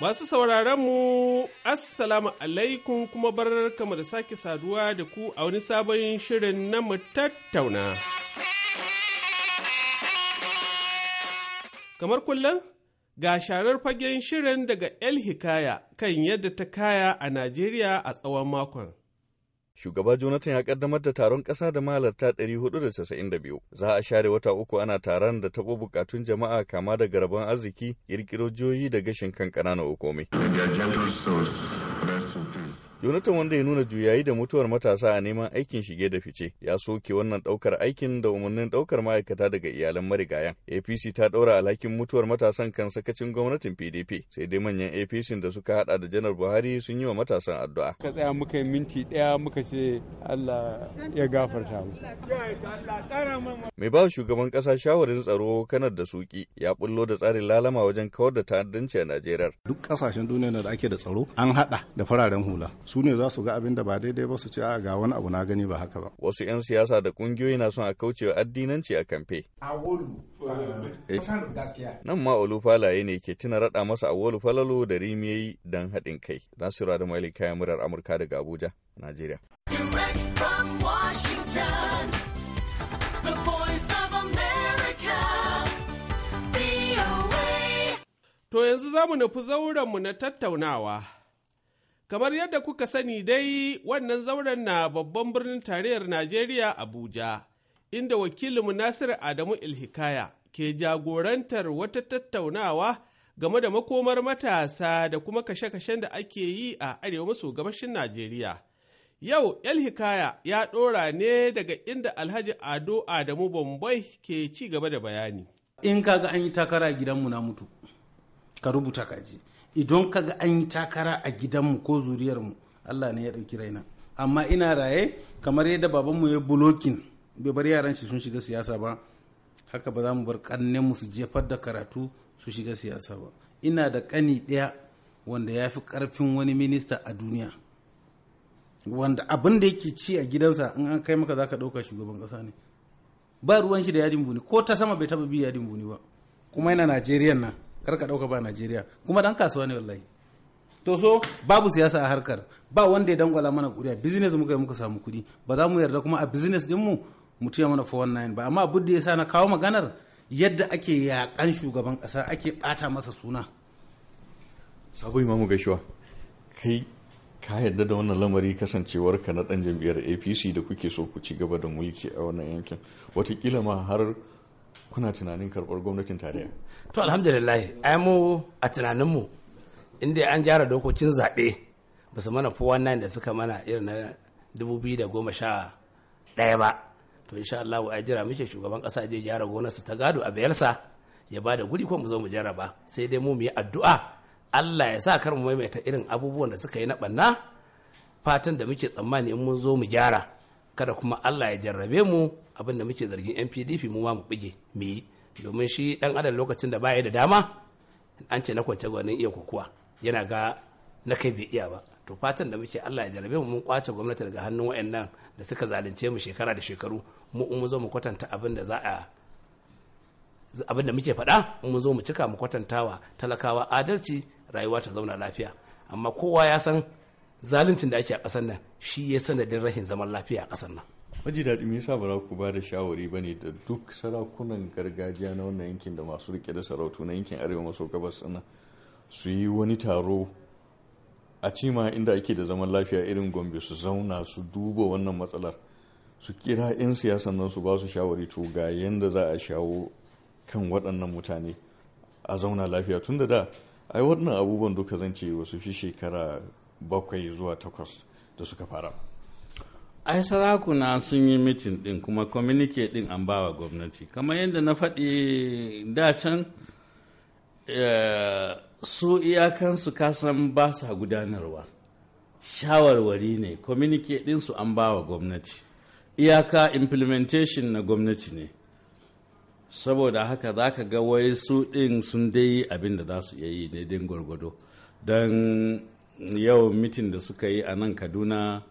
Masu sauraron mu Assalamu alaikum kuma bar kama da sake saduwa da ku a wani sabon shirin na mu tattauna. Kamar kullum, ga sharar fagen shirin daga El Hikaya kan yadda ta kaya a Najeriya a tsawon makon. Shugaba Jonathan ya kaddamar da taron ƙasa da mahalarta 492. Za a share wata uku ana taron da taɓo bukatun jama'a kama da rabon arziki, ƙirƙiro da gashin kan ƙananan hukumi. Jonathan wanda ya nuna juyayi da mutuwar matasa a neman aikin shige da fice ya soke wannan daukar aikin da umarnin daukar ma'aikata daga iyalan marigayan. APC ta daura alhakin mutuwar matasan kan sakacin gwamnatin PDP sai dai manyan APC da suka hada da janar Buhari sun yi wa matasan addu'a. Ka tsaya muka yi minti daya muka ce Allah ya gafarta musu. Mai ba shugaban kasa shawarin tsaro kanar da suki ya bullo da tsarin lalama wajen kawar da ta'addanci a Najeriya. Duk kasashen duniya da ake da tsaro an hada da fararen hula. su ne za su ga abin da ba daidai ba su ce a ga wani abu na gani ba haka ba wasu 'yan siyasa da kungiyoyi na son a kaucewa addinanci a kamfe eh. nan ma olufalaye ne ke tuna raɗa masa awolu Falalu da rimiyayi don haɗin kai nasiru da mali kayan murar amurka daga abuja najeriya To yanzu za mu nufi mu na tattaunawa. Kamar yadda kuka sani dai wannan zauren na babban birnin tarayyar Najeriya Abuja, inda wakilinmu Nasiru Adamu Ilhikaya ke jagorantar wata tattaunawa game da makomar matasa da kuma kashe-kashen da ake yi a arewa maso gabashin Najeriya. Yau Ilhikaya ya ɗora ne daga inda Alhaji Ado Adamu Bombay ke ci gaba da bayani. In kaga an yi takara gidanmu na mutu, ka rubuta kaji. idan ka ga an yi takara a gidanmu ko zuriyarmu allah ne ya ɗauki raina amma ina raye kamar yadda babanmu ya bulokin bai bar yaran shi sun shiga siyasa ba haka ba za mu bar mu su jefar da karatu su shiga siyasa ba ina da ƙani ɗaya wanda ya fi ƙarfin wani minista a duniya wanda abin da yake ci a gidansa in an kai maka zaka ɗauka shugaban ƙasa ne ba ruwan shi da yadin buni ko ta sama bai taba bi yadin buni ba kuma yana najeriya nan kar ka dauka ba Najeriya kuma dan kasuwa ne wallahi to so babu siyasa a harkar ba wanda ya dangwala mana kuriya business muka yi muka samu kuɗi ba za mu yarda kuma a business din mu mu tuya mana 419 ba amma abin da ya sa na kawo maganar yadda ake yakan shugaban kasa ake bata masa suna sabo imamu gashuwa kai ka yarda da wannan lamari kasancewar ka na dan jam'iyyar apc da kuke so ku ci gaba da mulki a wannan yankin watakila ma har kuna tunanin karɓar gwamnatin tarayya to alhamdulillah ai mu a tunaninmu inda an gyara dokokin zaɓe ba su mana fowa nan da suka mana irin na dubu biyu da goma sha ɗaya ba to insha Allah wa jira muke shugaban ƙasa je gyara gonarsa ta gado a bayarsa ya ba da guri ko mu zo mu jarraba sai dai mu mu yi addu'a Allah ya sa kar mu maimaita irin abubuwan da suka yi na ɓanna fatan da muke tsammani in mun zo mu gyara kada kuma Allah ya jarrabe mu abin da muke zargin yan mu ma mu bige me yi domin shi dan adam lokacin da baya da dama an ce na kwance gwanin iya kokuwa yana ga na kai bai iya ba to fatan da muke Allah ya jarabe mu mun kwace gwamnati daga hannun wayannan da suka zalunce mu shekara da shekaru mu in mu zo mu kwatanta abin da za a abin da muke faɗa in mu zo mu cika mu kwatantawa talakawa adalci rayuwa ta zauna lafiya amma kowa ya san zaluncin da ake a ƙasar nan shi ya sanadin rashin zaman lafiya a ƙasar nan maji daɗi me sa ba za ku ba da shawari ba ne da duk sarakunan gargajiya na wannan yankin da masu rike da sarautu na yankin arewa maso gabas ɗin su yi wani taro a cima inda ake da zaman lafiya irin gombe su zauna su duba wannan matsalar su kira 'yan siyasan nan su ba su shawari to ga yadda za a shawo kan waɗannan mutane a zauna lafiya tun da da ai waɗannan abubuwan duka zan ce wasu fi shekara bakwai zuwa takwas da suka fara ai sarakuna sun yi mitin din kuma communique din an bawa gwamnati kamar yadda na faɗi da can eh, su iyakansu kasan ba sa gudanarwa shawarwari ne din ɗinsu an bawa gwamnati iyaka implementation na gwamnati ne saboda haka za ka ga wai su ɗin sun dai abin da za su iya yi din gwargwado don yau mitin da suka yi a nan kaduna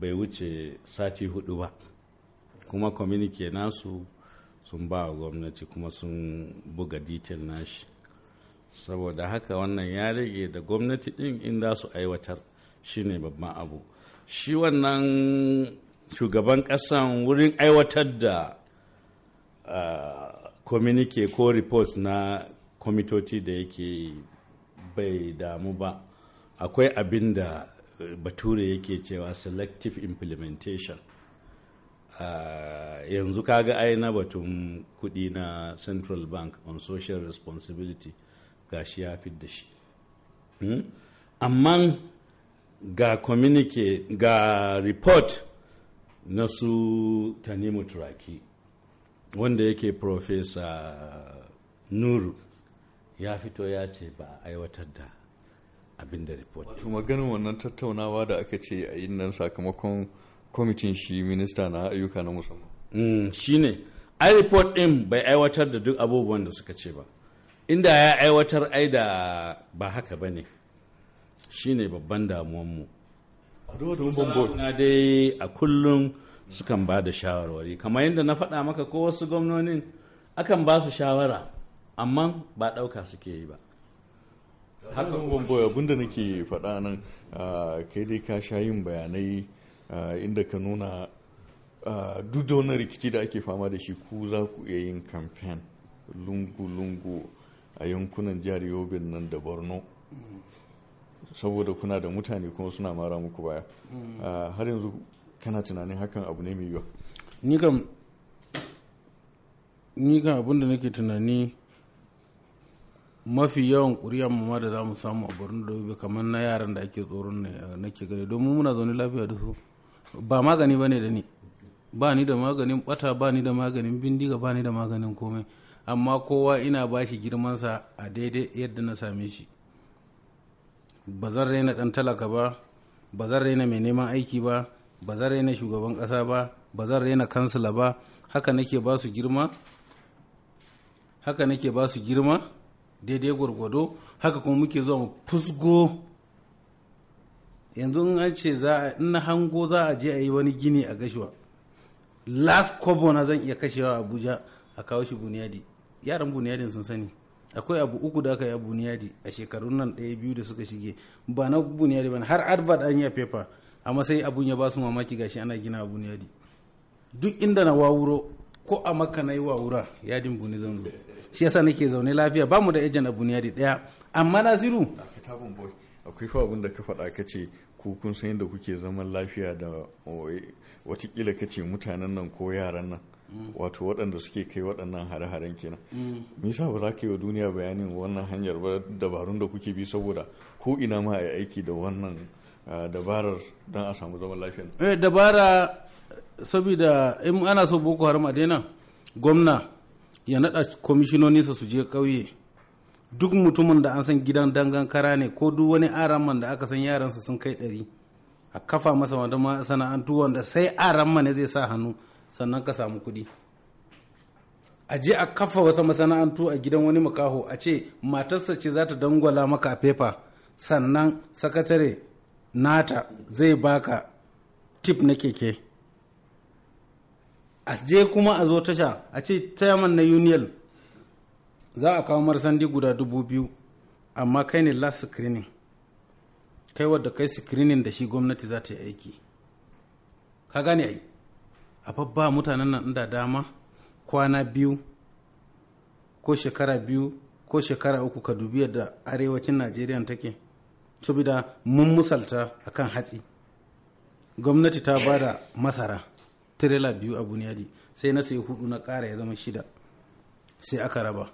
bai wuce sati hudu ba kuma communique nasu sun ba wa gwamnati kuma sun buga detail nashi saboda haka wannan ya rage da gwamnati din in za su aiwatar shine babban abu shi wannan shugaban kasan wurin aiwatar da communique ko report na kwamitoci da yake bai damu ba akwai abin da bature yake cewa selective implementation ah, yanzu kaga ai na batun kudi na central bank on social responsibility ga shi ya fi da shi hmm? amma ga communique ga report na su tanimu turaki wanda yake professor nuru ya fito ya ce ba a aiwatar da abin da report wato maganin wannan tattaunawa da aka ce a yin nan sakamakon kwamitin shi minista na ayyuka na musamman mm, ne ai report din bai aiwatar da duk abubuwan da suka ce ba inda ya aiwatar ai da ba haka ba ne shi ne babban damuwanmu na dai a kullum sukan ba da shawarwari kamar yadda na faɗa maka ko wasu gwamnonin akan ba su shawara amma ba ɗauka suke yi ba haka kuma abinda nake faɗa nan kai dai ka sha yin bayanai inda ka nuna duk da wani rikici da ake fama da shi ku za ku iya yin kamfen lungu-lungu a yankunan jihar yobin nan da borno saboda kuna da mutane kuma suna mara muku baya har yanzu kana tunanin hakan abu ne mai yiwa ni kam abin da nake tunani mafi yawan kuriya mu da za mu samu a borno da yobe kamar na yaran da ake tsoron ne eh, na ke gani domin muna zaune lafiya da su ba magani ba ne da ni ba ni da maganin bata ba ni da maganin bindiga ba ni da maganin komai amma kowa ina ba shi sa a daidai yadda na same shi ba zan raina ɗan talaka ba ba zan raina mai neman aiki ba ba zan raina shugaban ƙasa ba ba zan raina kansila ba haka nake ba su girma haka nake ba su girma daidai gwargwado haka kuma muke zuwa mu fusgo yanzu in an ce za a na hango za a je a yi wani gini a gashiwa last kobo na zan iya kashewa abuja a kawo shi buniyadi yaran buniyadin sun sani akwai abu uku da aka yi a buniyadi a shekarun nan ɗaya biyu da suka shige ba na buniyadi ba har advert an yi a paper amma sai abun ya ba su mamaki gashi ana gina a buniyadi duk inda na wawuro ko a maka na yi wawura yadin buni zan zo shi yasa nake zaune lafiya bamu da ejen abu ne daya amma naziru akwai fa abin da ka faɗa ka ce ku kun san yadda kuke zaman lafiya da watakila ka ce mutanen nan ko yaran nan mm. wato waɗanda suke kai waɗannan hare-haren kenan mm. me yasa ba za ka yi wa duniya bayanin wannan hanyar ba dabarun da kuke bi saboda ko ina ma a aiki da wannan dabarar don a samu zaman lafiya eh, dabara saboda in ana so boko haram a daina gwamna ya naɗa kwamishinoninsa su je kauye duk mutumin da an san gidan dangan kara ne ko duk wani araman da aka san yaransa sun kai ɗari a kafa masa ma masana'antu wanda sai arama ne zai sa hannu sannan ka samu kuɗi a je a kafa wata masana'antu a gidan wani makaho a ce matarsa ce za ta dangwala maka a fefa sannan sakatare nata zai baka tip na keke a je kuma a zo tasha a ce chairman na union za a kawo marsandi guda dubu biyu amma kai ne last screening kai wadda kai screening da shi gwamnati za ta yi aiki ka gane ai a babba mutanen nan da dama kwana biyu ko shekara biyu ko shekara uku ka dubi yadda arewacin najeriya take saboda mun musalta akan hatsi gwamnati ta bada masara tirela biyu a buniyadi sai na sayi hudu na kara ya zama shida sai aka raba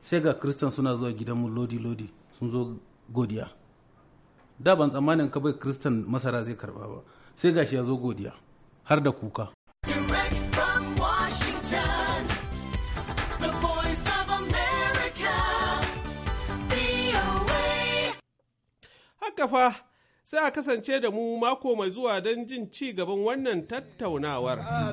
sai ga kristan suna zuwa gidanmu lodi-lodi sun zo godiya da ban tsammanin ka bai kristan masara zai karba ba sai gashi ya zo godiya har da kuka haka fa sai a kasance da mu mako mai zuwa don jin ci gaban wannan tattaunawar. Ah,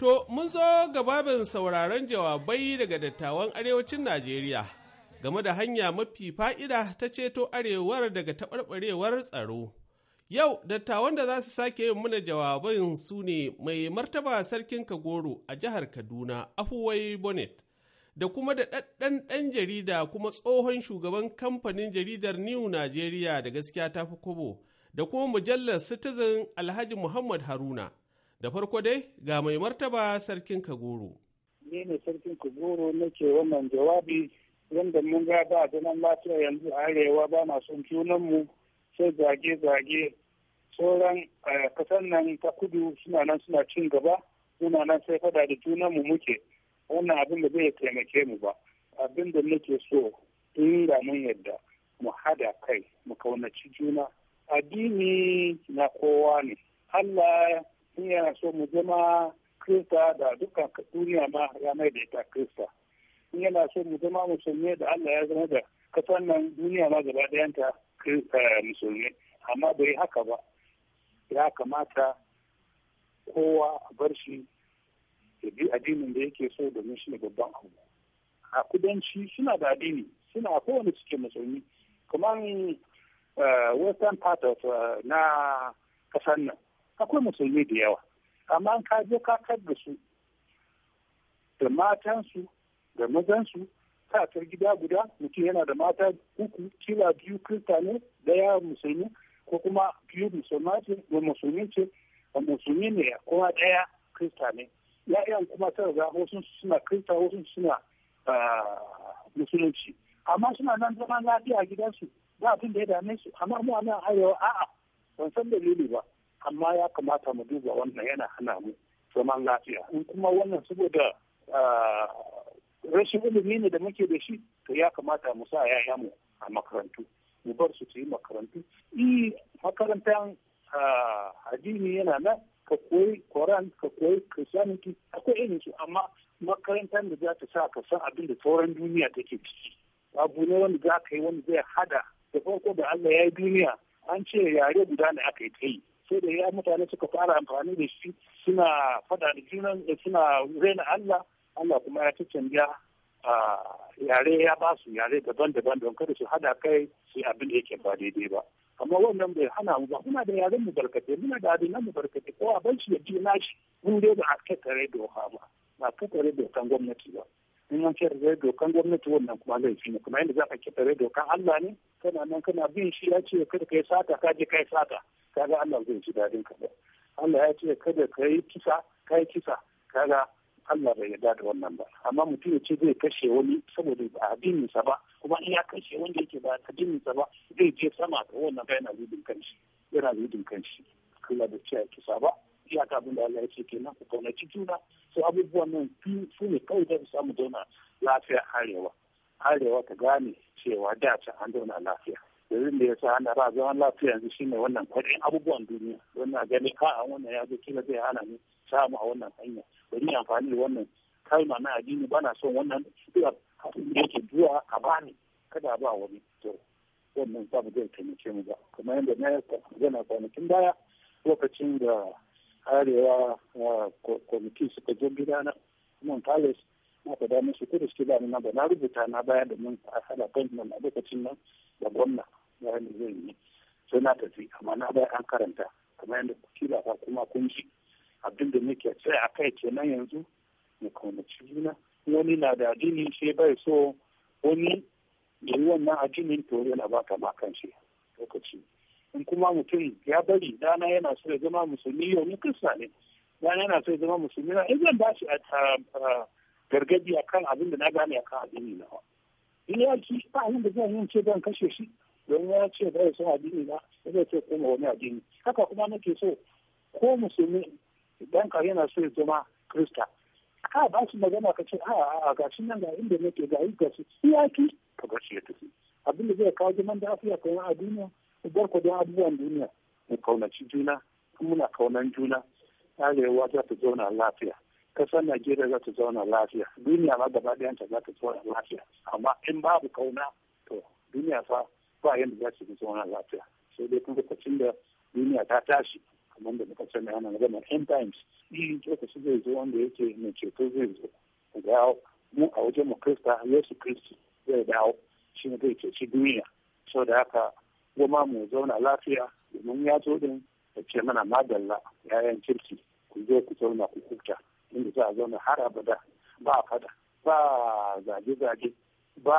to, mun zo gababin sauraron jawabai daga dattawan arewacin Najeriya game da hanya mafi fa'ida ta ceto arewar daga taɓarɓarewar tsaro. Yau, dattawan da za su sake yin muna jawabin su ne mai martaba sarkin Kagoro a jihar Kaduna, Afuwai Bonnet. da kuma da ɗaɗɗan ɗan jarida kuma tsohon shugaban kamfanin jaridar New Nigeria da gaskiya ta fi kobo da kuma mujallar Citizen Alhaji Muhammad Haruna. Da farko dai ga mai martaba Sarkin Kagoro. Ni ne Sarkin Kagoro nake wannan jawabi wanda mun ga ba zaman lafiya yanzu a arewa ba na son mu sai zage-zage sauran kasan eh, nan ta kudu suna nan suna cin gaba suna nan sai fada da mu muke. wannan abin da zai taimake mu ba abin da nake so in ga mun yadda mu hada kai mu kaunaci juna addini na kowa ne Allah in yana so mu zama kirista da dukkan duniya ma ya mai da ita Krista in yana so mu zama musulmi da Allah ya zama da kasan nan duniya ma gaba dayanta eh, musulmi amma bai haka ba ya kamata kowa a bar shi ya bi addinin da yake so domin shi ne babban abu a kudanci suna da addini suna kowane cikin musulmi kamar eh, western part of eh, na kasar nan akwai musulmi da yawa amma ka je ka da su da matansu da mazansu kakar gida guda mutum yana da mata uku kila biyu kirista ne daya musulmi ko kuma biyu musulma ce musulmi ce musulmi ne kuma daya kirista ne ya'yan kuma ta riga wasu suna kirista wasu suna ah, musulunci amma suna nan zama lafiya a gidansu ba abin da ya dame su amma mu nan arewa a'a ban san dalili ba amma ya kamata mu duba wannan yana hana mu zaman lafiya in kuma wannan saboda ah, rashin ilimi ne da muke da shi to ya kamata mu sa yaya mu a makarantu mu bar su su yi makarantu i makarantan ah, addini yana nan ka koyi koran ka koyi christianity akwai irin su amma makarantar da za ta sa ka san abin da sauran duniya take ciki abu ne wanda za ka yi wanda zai hada da farko da allah ya yi duniya an ce yare guda ne aka yi ta yi sai da ya mutane suka fara amfani da shi suna fada da junan eh, suna raina allah allah kuma ya ci canja yare ya ba su yare daban-daban don kada su hada kai su abin da yake ba daidai ba amma wannan bai hana mu ba muna da yaren mu barkate muna da adinan mu barkate ko a bar shi ya ji shi mun dai ba a kakkare doka ba ba kakkare dokan gwamnati ba in an kakkare dokan gwamnati wannan kuma laifi ne kuma yadda za ka kakkare dokan Allah ne kana nan kana bin shi ya ce kada kai sata ka je kai sata kaga Allah zai ji dadin ka ba Allah ya ce kada kai kisa kai kisa kaga Allah bai yarda da wannan ba amma mutum ya ce zai kashe wani saboda ba addininsa ba kuma in ya kashe wanda yake ba addininsa ba zai je sama ga wannan ba yana zubin kanshi yana zubin kanshi Allah da ce kisa ba iyaka abin da Allah ya ce kenan ku kaunaci juna su abubuwan nan su ne kawai da su samu zauna lafiya arewa arewa ta gane cewa da can an zauna lafiya yanzu da ya sa ana ba zaman lafiya yanzu shine wannan kwaɗin abubuwan duniya wannan gani ka'a wannan ya zo kila zai hana ni samu a wannan hanya bari yi amfani da wannan kalma na addini bana son wannan yake duwa a bani kada ba wani to wannan ba zai taimake mu ba kuma yadda na gana kwanakin baya lokacin da arewa kwamiti suka zo na nan palace na faɗa musu kudu suke ba na na rubuta na baya da mun a hada appointment a lokacin nan da gwamna ya da zai yi sai na tafi amma na baya an karanta kuma yadda kila kuma kun ji abin da muke tsaye a kai kenan yanzu mu kaunaci juna wani na da addini shi bai so wani da yi wannan addinin to yana ba ma makan shi lokaci in kuma mutum ya bari dana yana so ya zama musulmi yau ni kirista ne dana yana so ya zama musulmi na eh, zan ba shi ah, ah, gargadi kan abin da na gane akan addini na in ya ci ba da zan yi ce zan kashe shi don ya ce bai son addini na zai ce kuma wani addini haka kuma nake so ko musulmi idan ka yana so ya zama krista a ba su magana ka ce a a ga shi nan ga inda nake ga yi ga su ka ba shi ya tafi abin da zai kawo zaman da afiya kuma a duniya mu bar don abubuwan duniya mu kaunaci juna kuma muna kaunan juna arewa za ta zauna lafiya kasar najeriya za ta zauna lafiya duniya ma gaba ta za ta zauna lafiya amma in babu kauna to duniya fa ba yadda za su zauna lafiya sai dai kuma lokacin da duniya ta tashi kamar da muka sani ana magana end times mm. lokaci zai zo wanda yake mai ceto zai zo ku dawo mu a wajen mu krista yesu kristi zai dawo shi ne zai ceci duniya saboda haka goma mu zauna lafiya domin ya zo din da ce mana madalla yayan kirki ku zo ku zauna ku in inda za a zauna har abada ba fada ba zage-zage ba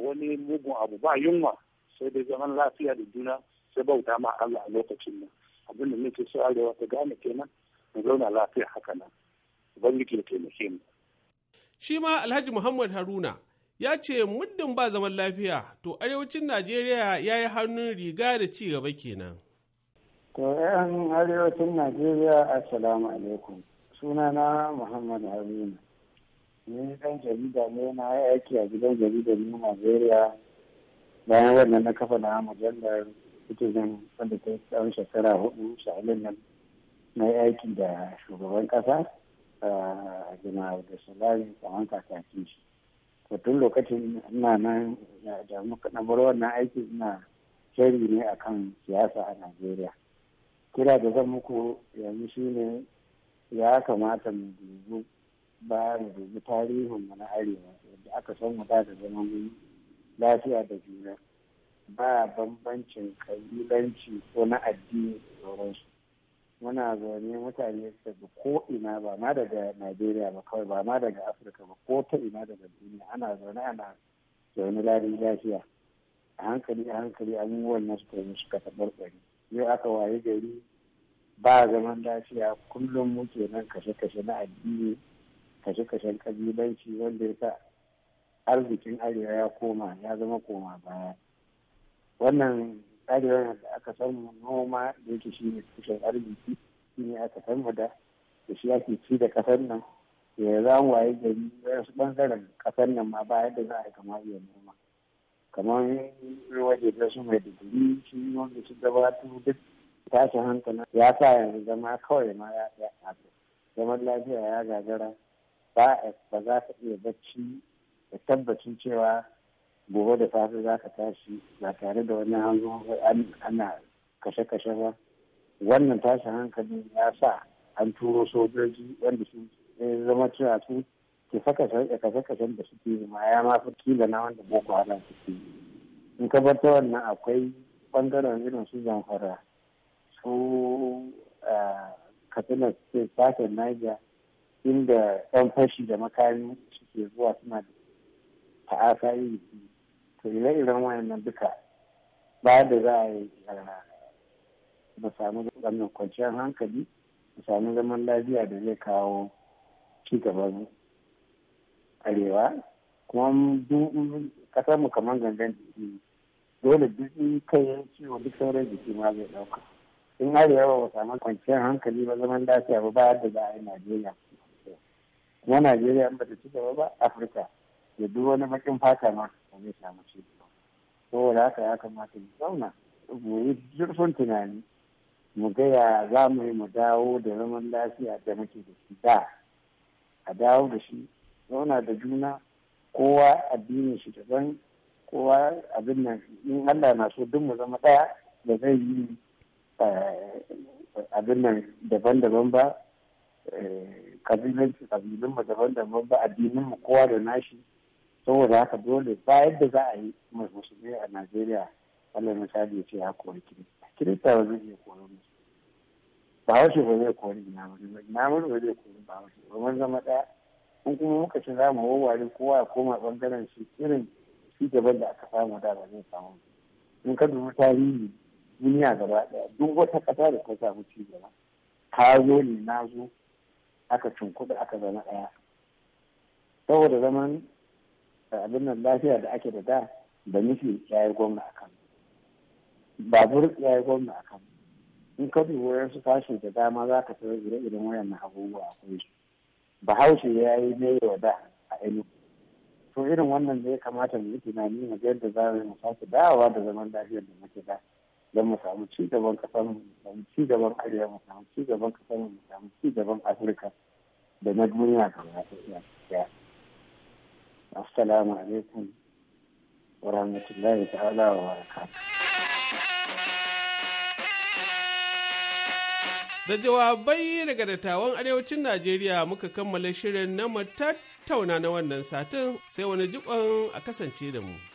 wani mugun abu ba yunwa sai dai zaman lafiya da juna sai bauta ma Allah a lokacin nan abin da nake so arewa ta gane kenan mu zauna lafiya haka nan ubangiji ya taimake mu shi ma alhaji muhammad haruna ya ce muddin ba zaman lafiya to arewacin najeriya ya yi hannun riga da ci gaba kenan to yan arewacin najeriya assalamu alaikum sunana muhammad haruna ni dan jarida ne na aiki a gidan jaridar nigeria najeriya bayan wannan na kafa na mujallar citizen wanda ta yi tsawon shekara hudu shahilin nan na yi aiki da shugaban kasa a jama'a da solari kamar kakakin shi to tun lokacin ina nan da muka na bar wannan aiki ina shari ne akan siyasa a najeriya kira da zan muku yanzu shine ya kamata mu dubu ba mu dubu tarihin mu na arewa yadda aka san mu da zaman lafiya da juna ba bambancin kabilanci ko na addini sauransu muna zaune mutane daga ko ina ba ma daga najeriya ba kawai ba ma daga afirka ba ko ta ina daga duniya ana zaune ana zaune ladin lafiya a hankali a hankali abubuwan na suka suka yau aka waye gari ba zaman lafiya kullum muke nan kashe-kashe na addini kashe-kashen kabilanci wanda ya sa arzikin arewa ya koma ya zama koma baya wannan tsarewar da aka samu noma da yake shi ne tushen arziki shi ne aka samu da da shi ake ci da kasar nan ya za mu waye gari wasu bangaren kasar nan ma ba yadda za a yi kamar yin noma kamar waje da su mai digiri shi wanda su gabatu duk tashin hankali ya sa yanzu zama kawai ma ya zaman lafiya ya gagara ba za ka iya bacci da tabbacin cewa gobe da safe za ka tashi ba tare da wani hanzo ana kashe-kashe ba wannan tashin hankali ya sa an turo sojoji wanda su zama cewa su ke kashe kashe da suke ma ya ma fi kila na wanda boko haram suke in ka bar ta wannan akwai bangaren irin su zamfara su katsina state sashen niger inda yan fashi da makami suke zuwa suna da ta'asa iri to ire-iren wayannan duka ba da za a yi mu samu zaman kwanciyar hankali mu samu zaman lafiya da zai kawo ci gaban arewa kuma kasar mu kamar gangan jiki dole duk kai ya ciwo duk sauran jiki ma zai dauka in arewa ba samu kwanciyar hankali ba zaman lafiya ba ba da za a yi najeriya kuma najeriya ba ta ci gaba ba afirka da duk wani bakin fata ma ba ta samu ci ba saboda haka ya kamata mu zauna mu yi zurfin tunani mu gaya za mu yi mu dawo da zaman lafiya da muke da shi da a dawo da shi zauna da juna kowa addinin shi daban kowa abin nan in Allah na so duk mu zama daya da zai yi eh, abin nan daban-daban ba kabilanci eh, kabilun mu daban-daban ba addinin mu kowa da nashi saboda haka dole ba yadda za a yi musulmi a najeriya wannan misali ya ce ya kori kirista kirista ba zai iya kori musulmi ba wasu ba zai kori wani ba namuri ba zai kori ba wasu ba mun zama ɗaya in kuma muka ci za mu wawware kowa ya koma bangaren shi irin shi gaban da aka samu da ba zai samu in ka dubi tarihi duniya gaba ɗaya duk wata ƙasa da ta samu ci gaba ka zo ne na zo aka cunkuɗa aka zama ɗaya saboda zaman abin nan lafiya da ake da da da nufi ya yi gwamna a kan babur ya yi gwamna a kan in ka bi dubi su fashin da dama za ka tsara ire-iren wayannan abubuwa akwai ba bahaushe ya yi ne yau da a ilu to irin wannan da ya kamata mu yi tunani mu yadda za mu sake dawowa da zaman lafiyar da muke da don mu samu ci gaban kasar mu mu samu ci gaban arewa mu samu ci gaban kasar mu samu ci gaban afirka da na duniya kamar ta iya assalamu alaikum wa rahmatullahi ta'ala wa Da jawabai daga dattawan arewacin Najeriya muka kammala shirin na mu tattauna na wannan satin sai wani jikon a kasance da mu.